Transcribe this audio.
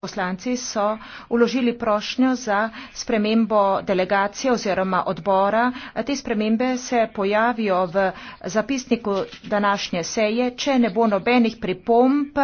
Poslanci so uložili prošnjo za spremembo delegacije oziroma odbora. Te spremembe se pojavijo v zapisniku današnje seje, če ne bo nobenih pripomb